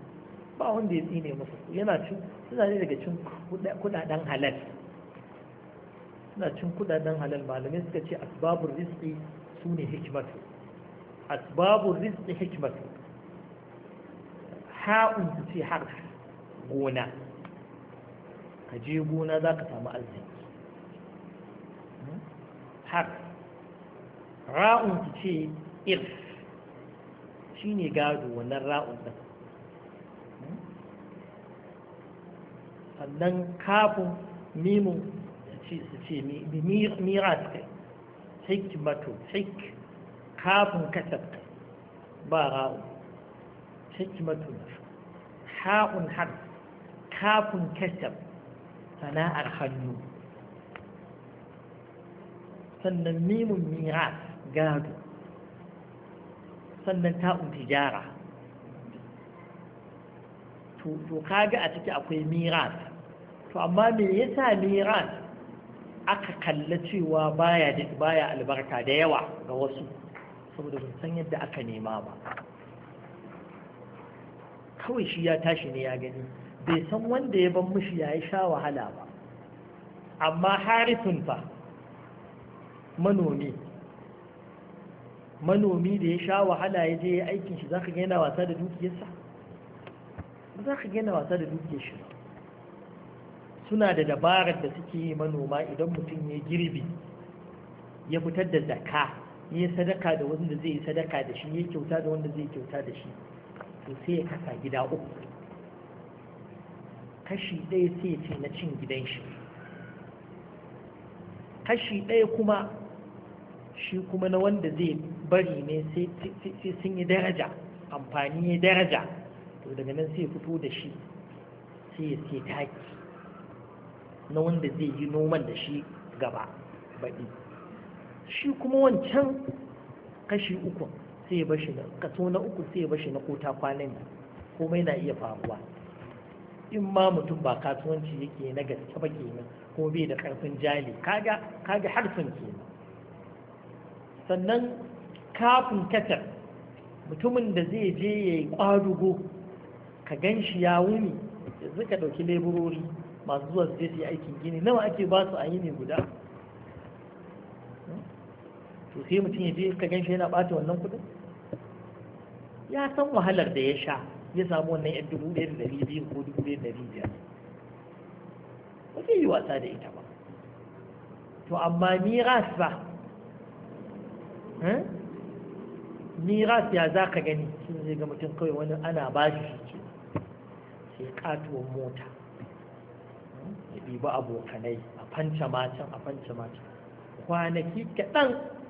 ba wanda ya tsine musu yana cin suna ne daga cin kudaden halal suna cin kudaden halal malamai suka ce asbabun rizqi su ne hikimatu asbabun rizqi hikimatu ha'un su ce har gona ka je gona za ka samu arziki hmm? har راؤن تشي إرث شيني قادو ولا راؤن بس فلن كافو ميمو تشي ميراثك كي ماتو حك كافو كسب با راؤن حكمة حاء حرف كاف كسب ثناء الخنو فنميم الميراث gado sannan ta'un tijara to kaga a ciki akwai miras to amma me yasa miras aka kalla cewa baya baya albarka da yawa ga wasu saboda ban san yadda aka nema ba kawai shi ya tashi ne ya gani bai san wanda ya ban mishi yayi sha wahala ba amma harifin fa manomi manomi da ya sha wahala ya je ya aikin shi za ka yana wasa da dukiyarsa ba za ka yana wasa da dukiyar shi suna da dabarar da suke yi manoma idan mutum ya girbi ya fitar da zaka ya sadaka da wanda zai sadaka da shi ya kyauta da wanda zai kyauta da shi to sai ya kasa gida uku kashi ɗaya sai ya ce na cin gidan shi kashi ɗaya kuma shi kuma na wanda zai bari ne sai sun yi daraja amfani ya daraja to daga nan sai fito da shi sai ya sai taki na wanda zai yi noman da shi gaba baɗi shi kuma wancan kashi uku sai ya bashi na kaso na uku sai ya bashi na kota kwanan komai na iya faruwa in ma mutum ba kasuwanci yake na gaske ba kenan ko bai da karfin jali kaga kaga harsun kenan sannan kafin katar mutumin da zai je ya yi ƙwadugo ka gan shi ya wuni yanzu ka ɗauki leburori masu zuwa su je su yi aikin gini nawa ake ba su a yi ne guda to sai mutum ya je ka gan shi yana ɓata wannan kuɗin ya san wahalar da ya sha ya samu wannan yan dubu ɗaya da ɗari biyu ko dubu ɗaya da ɗari biyar ba zai yi wasa da ita ba to amma miras ba miras eh? ya za ka gani sun zai ga mutum kawai wani ana ba shi shi ce sai katuwar mota ya ɗiba abokanai a fanca macen a fanca macen kwanaki kaɗan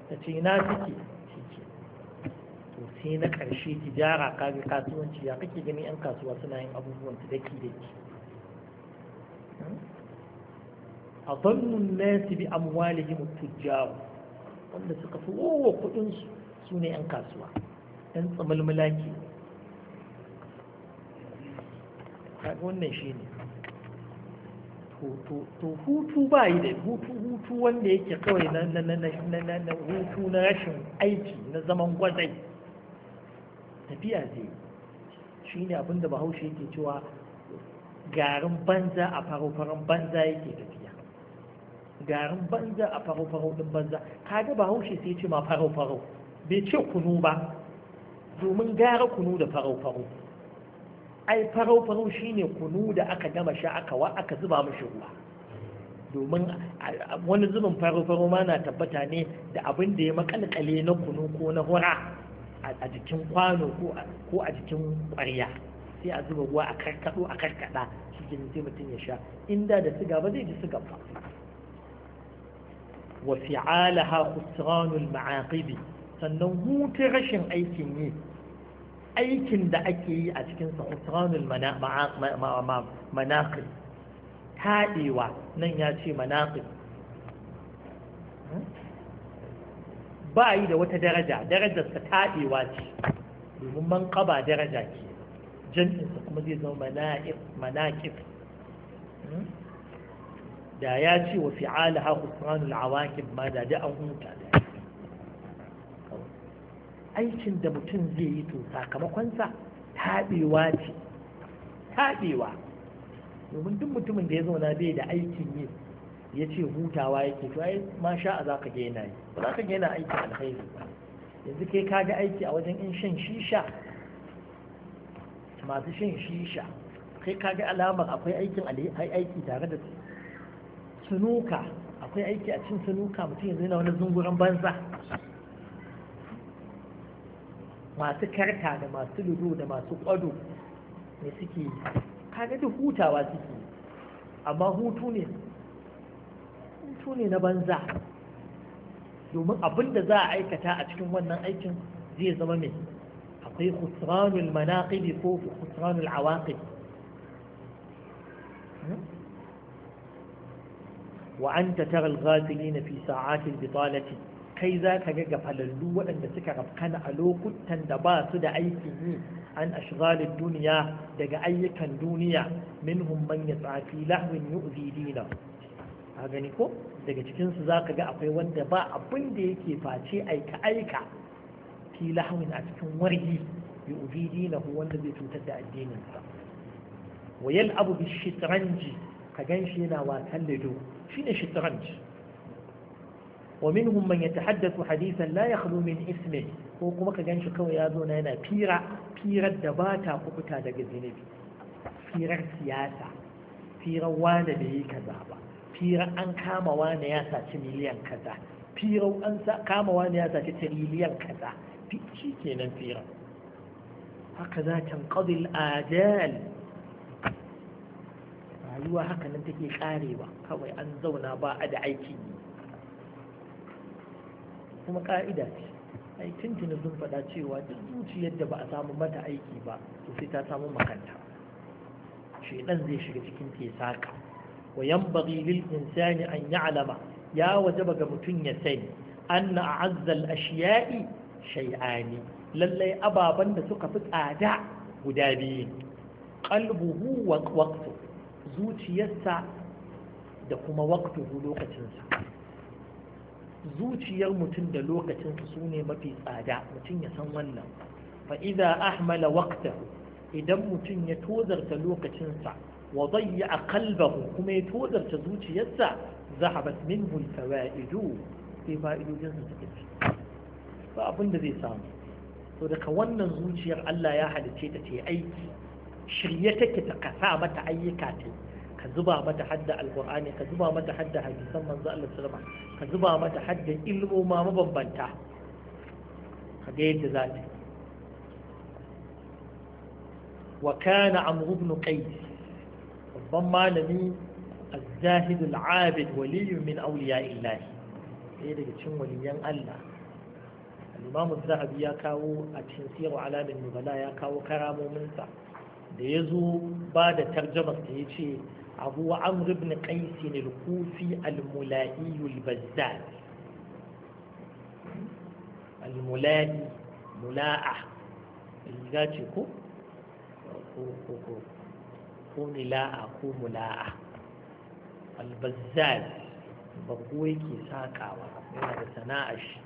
da ce na suke cike to sai na ƙarshe tijara kage kasuwanci ya kake ganin 'yan kasuwa suna yin abubuwan su daki daki eh? a zannun nasi bi amwalihim tujjaru wanda suka fi wowa kudinsu su ne 'yan kasuwa 'yan tsamalmala ke wannan shi ne to hutu ba yi da hutu hutu wanda yake kawai na hutu na rashin aiki na zaman gwazai tafiya zai shi ne abinda bahaushe yake cewa garin banza a faro-faron banza yake da garin banza a farau-farau din banza kaga ba haushe sai ce ma farau-farau bai ce kunu ba domin gara kunu da farau-farau ai farau shine kunu da aka gama sha aka wa aka zuba mashi ruwa domin wani zubin farau ma na tabbata ne da abin da ya makalkale na kunu ko na hura a jikin kwano ko a jikin kwarya sai a zuba ruwa a karkado a karkada shi sai mutum ya sha inda da siga ba zai ji siga ba wa fi'alaha khusranul ma'aqibi sannan hutu rashin aikin yi aikin da ake yi a cikin sa khusranul taɗewa nan ya ce manaqib ba yi da wata daraja darajarsa taɗewa ce domin manqaba daraja ke. jam'insa kuma zai zama manaqib hmm? da ya ce wa fi'ala ha kusuranul awakin ma da da an huta da aikin da mutum zai yi to sakamakonsa taɓewa ce taɓewa domin duk mutumin da ya zauna bai da aikin yi ya ce hutawa yake to ai ma sha'a za ka ga yana yi ba za ka ga yana aikin alkhairi yanzu kai ka ga aiki a wajen in shan shisha masu shan shisha kai ka ga alamar akwai aikin aiki tare da su sunuka akwai aiki a cin sunuka mutum yanzu yana wani zunguran banza masu karta da masu ludo da masu kwado ne suke kaga duk hutawa suke amma hutu ne hutu ne na banza domin abin da za a aikata a cikin wannan aikin zai zama mai akwai khusranul manaqibi ko khusranul awaqib hmm? wa anta tara al-ghafilina fi sa'atil bitalati kai za ka ga gafalallu waɗanda suka rafkana a lokutan da ba su da aikin yi an ashghalid duniya daga ayyukan duniya minhum man yatsafi lahwin yu'zi dina a gani ko daga cikin su zaka ga akwai wanda ba abin da yake face aika aika fi lahwin a cikin wargi yu'zi dinahu wanda zai cutar da addininsa. wayal abu yal'abu bishatranji ka ganshi yana wasan lido shine shutraj wa minhum man yataḥaddathu hadithan la yakhlu min ismi ko kuma ka ganshi kawai ya zo na yana fira firar da ba ta kubuta daga zinubi firar siyasa firar wane da yi kaza ba firar an kama wane ya saci miliyan kaza firar an kama wane ya saci miliyan kaza shi kenan firar haka za ta ajal rayuwa haka nan take karewa kawai an zauna ba a da aiki kuma ka'ida ce ai tuntuni sun faɗa cewa duk zuciyar da ba a samu mata aiki ba to sai ta samu makanta shaidan zai shiga cikin tesaka wa bari lil insani an yi ya'lama ya ba ga mutum ya sani anna a'azzal ashiya'i shay'ani lallai ababan da suka fi tsada guda biyu qalbuhu wa waqtu zuciyarsa da kuma waktuhu lokacinsa zuciyar mutum da lokacinsa su ne mafi tsada mutum ya san wannan fa'iza ahmala waktahu idan mutum ya tozarta lokacinsa wa zayya a kalbahu kuma ya tozarta zuciyarsa zahabat min hulfawa ido sai fa'idojinsa suka ci ba abin da zai samu to daga wannan zuciyar Allah ya halice ta ce aiki shirye take ta kasa mata ayyuka ta ka zuba mata hadda alqur'ani ka zuba mata hadda hadisan manzo Allah sallama ka zuba mata hadda ilmoma mabambanta ka ga yadda za ta wa kana amru ibn qais babban malami الزاهد العابد ولي illahi. أولياء daga إيه ده Allah. وليان الله الإمام الذهبي يا كاو أتشنسير على من نبلا bala, ya kawo karamominsa. da ya zo ba da tarjabar ta ya ce abu amr ibn qais al-kufi al-mula'i al-bazzaz al-mula'i mula'a riga ce ko ko ko ko ko mula'a al-bazzaz bako yake sakawa yana da sana'a shi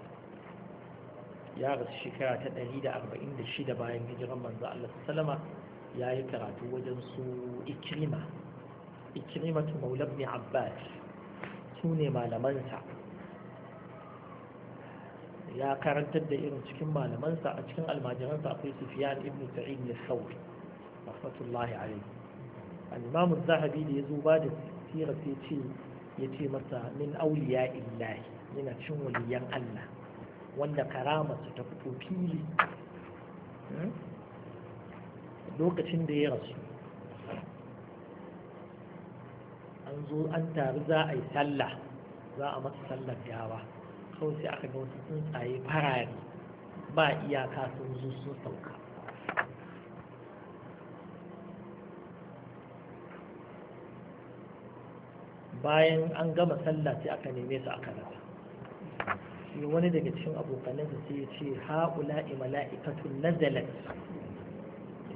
ya rasu shekara ta 146 bayan hijiran manzo Allah sallama ya yi karatu wajen su ikirima ikirima ta maulab ne abbas su ne malamansa ya karantar da irin cikin malamansa a cikin almajiransa akwai sufiyan ibn sa'id ne sauri rahmatullahi alaihi al-imam zahabi da ya zo ba da sira sai ce ya ce masa min auliya illahi yana cin waliyan allah wanda karamarsa ta fito fili hmm? lokacin da ya rasu an zo an taru za a yi sallah za a masa sallar gawa kawai sai aka ga wasu tsuntsaye farare ba iyaka sun zo sun sauka bayan an gama sallah sai aka neme su aka rasa wani daga cikin abokanansa sai ya ce ha'ula'i mala'ikatun nazalat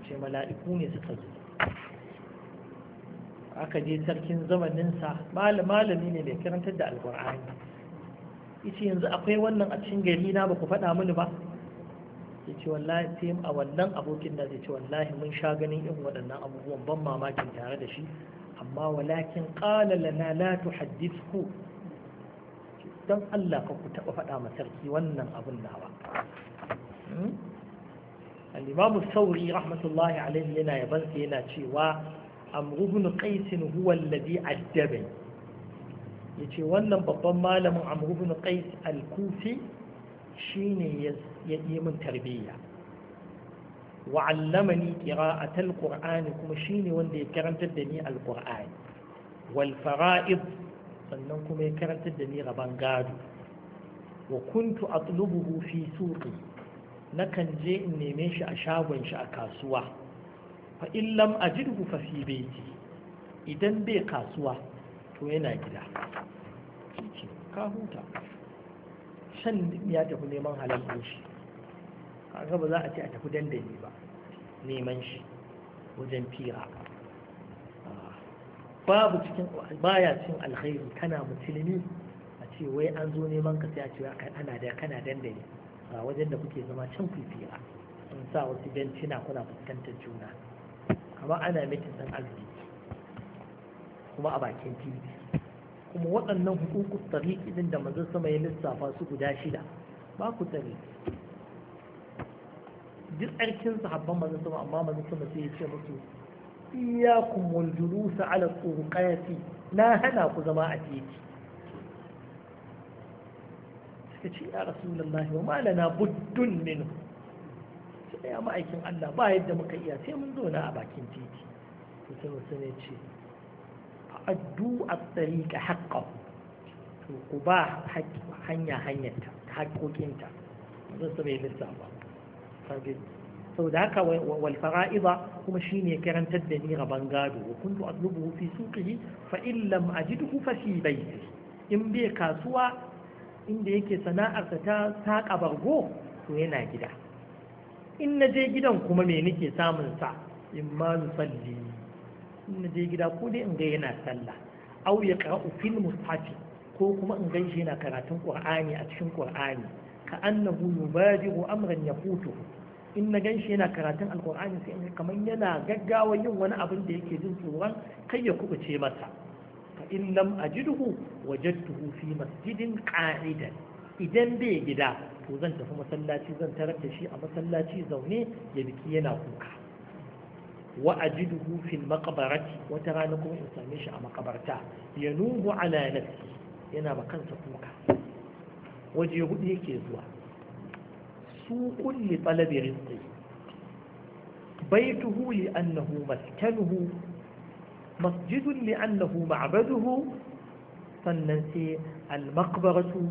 ce mala'iku ne suka zo aka je sarkin zamaninsa malami ne mai karantar da alkur'ani ita yanzu akwai wannan a cikin gari na ba ku faɗa mini ba ya ce wallahi a wannan abokin da zai ce wallahi mun sha ganin irin waɗannan abubuwan ban mamakin tare da shi amma walakin ƙala lana la tuhaddithu don Allah ka ku taɓa faɗa ma sarki wannan abun nawa hmm? الإمام الثوري رحمة الله عليه لنا يبنس هنا شيوا أمر بن قيس هو الذي عذبني yace wannan babban malamin amru bin qais al-kufi shine ya yi min tarbiyya wa allamani al qur'ani kuma shine wanda ya karantar da ni al-qur'ani wal fara'id sannan kuma ya karantar da ni rabon gado wa kuntu atlubuhu fi suqi nakan je in neme shi a shagon shi a kasuwa fa illam ajidhu fa fi baiti idan bai kasuwa to yana gida ka huta shan ya tafi neman halal din shi kaga ba za a ce a tafi dandali ba neman shi wajen fira babu cikin baya cikin alkhairi kana musulmi a ce wai an zo neman ka sai a ce ana da kana dandali ga wajen da kuke zama can fifira sun sa wasu bencina kuna fuskantar juna Kama ana mitin ɗan arziki kuma a bakin titi kuma waɗannan hukuku tsari idan da mazan sama ya lissafa su guda shida ba ku tsare duk tsarkin sahabban mazan sama amma mazan sama sai ya ce musu iyakum wal julusa ala turqati na hana ku zama a titi suka ce ya rasulullahi wa na buddun min sai ya ma'aikin Allah ba yadda muka iya sai mun zo a bakin titi to sai wasu ne ce A addu at-tariqa haqqan to ku ba hanya hanyarta haƙoƙinta zan su bai lissafa sau da haka wal fara'iza kuma ne karantar da ni rabon gado wa kuntu atlubuhu fi suqihi fa in lam ajidhu fa fi baiti in bai kasuwa inda yake sana'arsa ta saƙa bargo to yana gida in na je gidan kuma me nake samun sa in ma salli in na je gida ko dai in ga yana sallah au ya qra'u fil mushafi ko kuma in ga yana karatun qur'ani a cikin qur'ani ka annahu yubadiru amran yafutu in na ganshi yana karatun alqur'ani sai in kamar yana gaggawa yin wani abin da yake jin tsoron kai ya kubuce masa in lam duhu, wajen fi masjidin ƙa'idan. idan bai gida to zan tafi masallaci zan tarar da shi a masallaci zaune ya biki yana kuka wa ajiduhu fil maqbarati wata rana kuma in same shi a makabarta ya ala nafsi yana ba kansa kuka waje hudu yake zuwa su kulli talabi rizqi baituhu li annahu maskanuhu masjidun li'annahu ma'abaduhu sannan sai al-maqbaratu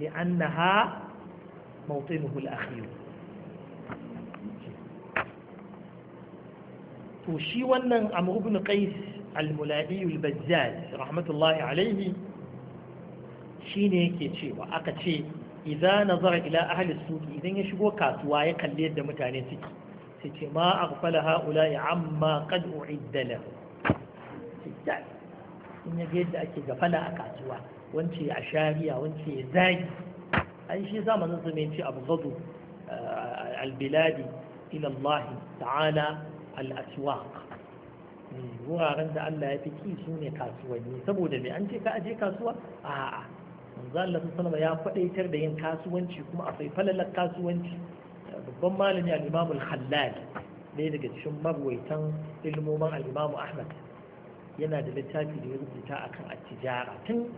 li'annaha mawtinuhu al-akhir to shi wannan amr ibn qais al-mula'i al-bazzaz rahmatullahi alayhi shine yake cewa aka ce idza nazara ila ahli suqi idan ya shigo kasuwa ya kalli yadda mutane suke sai ce ma aghfala ha'ula'i amma qad u'idda lahu in ya ga yadda ake gafala a kasuwa wance a shari'a wance ya zagi an shi zamanin su ne ce abu gado eh, albiladi ila ta'ala al hmm, wuraren da Allah ya fi ki su ne kasuwanni saboda me an ce ka aje kasuwa a'a manzo Allah sallallahu ya faɗaitar da yin kasuwanci kuma akwai falalar kasuwanci babban malami al-Imam al-Khallal daga cikin marwaitan ilmomin al-Imam Ahmad yana da littafi da ya rubuta akan attijara tun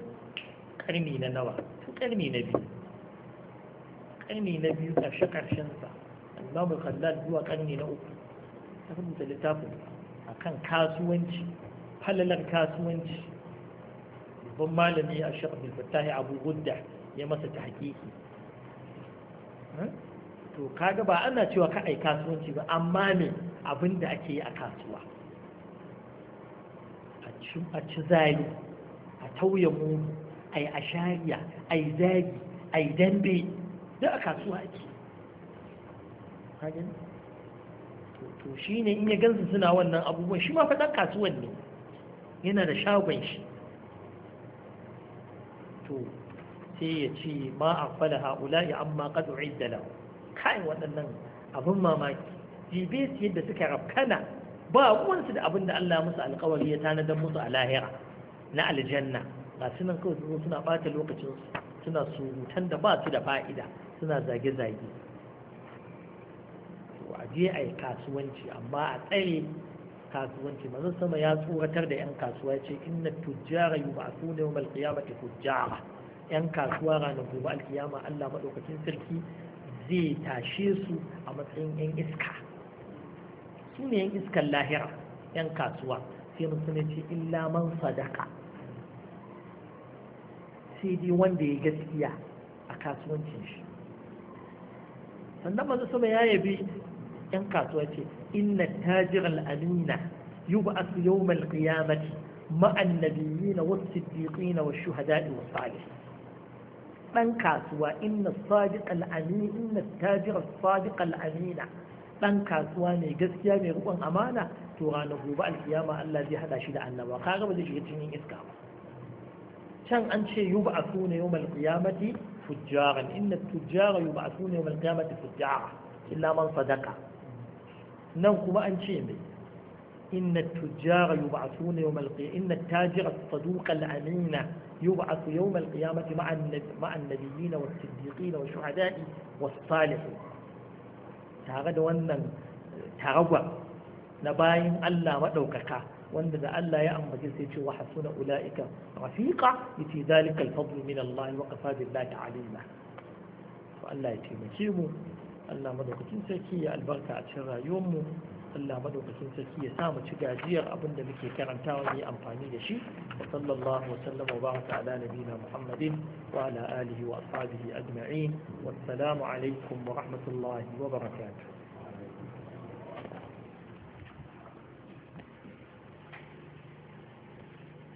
karni na nawa tun karni na biyu karni na biyu karshe karshen sa al-imam khallal zuwa karni na uku ya rubuta littafin a kan kasuwanci halalar kasuwanci babban malami a shaƙa fattahi abu gudda ya masa ta hakiki hmm? to kaga ba ana cewa ka ai kasuwanci ba amma ne abin da ake yi a kasuwa a ci zari a tauye mu a yi ashariya a yi zari a yi dambe duk a kasuwa ake to shi ne in ya gansu suna wannan abubuwan shi ma faɗan kasuwan ne yana da shagon shi to sai ya ce ma a fada ya amma ƙadu'id da lau kai waɗannan abin mamaki jibe su yadda suka rafkana ba ruwansu da abin da Allah musu alkawari ya tanadar musu a lahira na aljanna ga su nan kawai suna ɓata lokacin suna surutan da ba su da fa'ida suna zage-zage a je a yi kasuwanci amma a tsare kasuwanci mazan sama ya tsoratar da 'yan kasuwa ya ce inna tujjara yi ba su ne wa ta tujjara 'yan kasuwa ranar gobe alkiyama Allah maɗaukacin sarki zai tashe su a matsayin 'yan iska su ne yan iskar lahira yan kasuwa sai musulunci illa man sadaka sai dai wanda ya gaskiya a kasuwancin shi sannan masu sama ya yabi yan kasuwa ce inna tajiral amina يبعث يوم القيامة na النبيين والصديقين والشهداء والصالحين من كاسوا إن الصادق الأمين إن التاجر الصادق الأمين ɗan kasuwa mai gaskiya mai riƙon amana to ranar gobe alkiyama Allah zai hada shi da annaba ka ba zai shiga cikin iska ba can an ce yuba a sune yau malkiyamati fujjaran inna tujjara yuba a sune yau malkiyamati fujjara illa man sadaka nan kuma an ce mai inna tujjara yuba a sune yau malkiyamati inna tajira saduka al'amina يبعث يوم القيامة مع النبيين والصديقين والشهداء والصالحين tare da wannan taragwa na bayan Allah maɗaukaka wanda da Allah ya ambace sai ce wa hasuna ula'ika rafiqa yace zalika al-fadlu min Allah wa kafa billahi to Allah ya taimake mu Allah madaukakin sarki ya albarka a cikin rayuwar mu Allah madaukakin sarki ya samu ci gajiyar abin da muke karantawa ne amfani da shi wa sallallahu wa sallam wa baraka ala nabina Muhammadin wa ala alihi wa ashabihi ajma'in wa assalamu alaikum wa rahmatullahi wa barakatuh